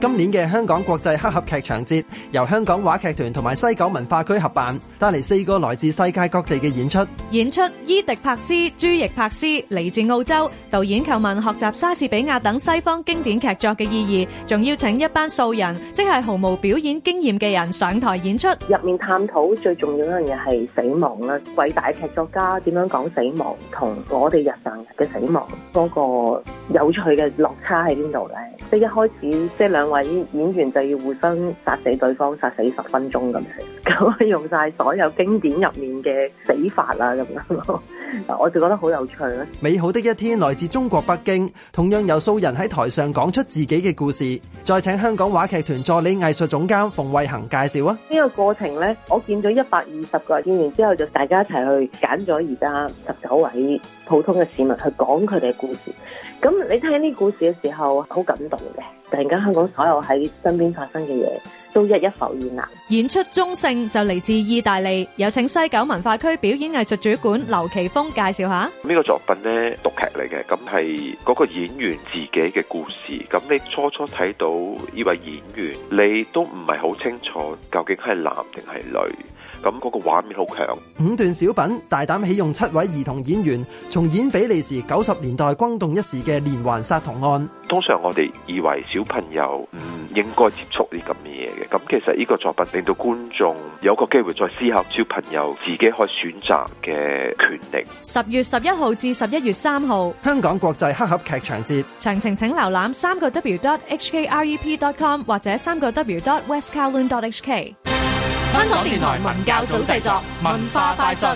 今年嘅香港國際黑盒劇場節由香港話劇團同埋西九文化區合辦，帶嚟四個來自世界各地嘅演出。演出伊迪帕斯、朱易帕斯嚟自澳洲，導演求問學習莎士比亞等西方經典劇作嘅意義，仲邀請一班素人，即係毫無表演經驗嘅人上台演出。入面探討最重要一樣嘢係死亡啦，偉大劇作家點樣講死亡，同我哋日常嘅死亡嗰個有趣嘅落差喺邊度呢？即一開始，即係兩位演員就要互相殺死對方，殺死十分鐘咁樣，咁用晒所有經典入面嘅死法啦，咁樣咯。我就覺得好有趣啦，美好的一天來自中國北京，同樣有數人喺台上講出自己嘅故事。再請香港話劇團助理藝術總監馮慧恆介紹啊！呢個過程咧，我見咗一百二十個，見完之後就大家一齊去揀咗而家十九位普通嘅市民去講佢哋嘅故事。咁你聽呢故事嘅時候，好感動。突然間，香港所有喺身邊發生嘅嘢，都一一浮現啦。演出中性就嚟自意大利，有請西九文化區表演藝術主管劉奇峰介紹下。呢、這個作品呢，讀劇嚟嘅，咁係嗰個演員自己嘅故事。咁你初初睇到，呢位演員你都唔係好清楚，究竟係男定係女？咁嗰個畫面好強。五段小品大膽啟用七位兒童演員，重演比利時九十年代轟動一時嘅連環殺童案。通常我哋以為小朋友唔應該接觸啲咁嘅嘢嘅，咁其實呢個作品令到觀眾有個機會再思考小朋友自己可以選擇嘅權力。十月十一號至十一月三號，香港國際黑盒劇場節，詳情請瀏覽三個 w dot hkrep dot com 或者三個 w dot westkowloon dot hk。香港電台文，文教組製作，文化快訊。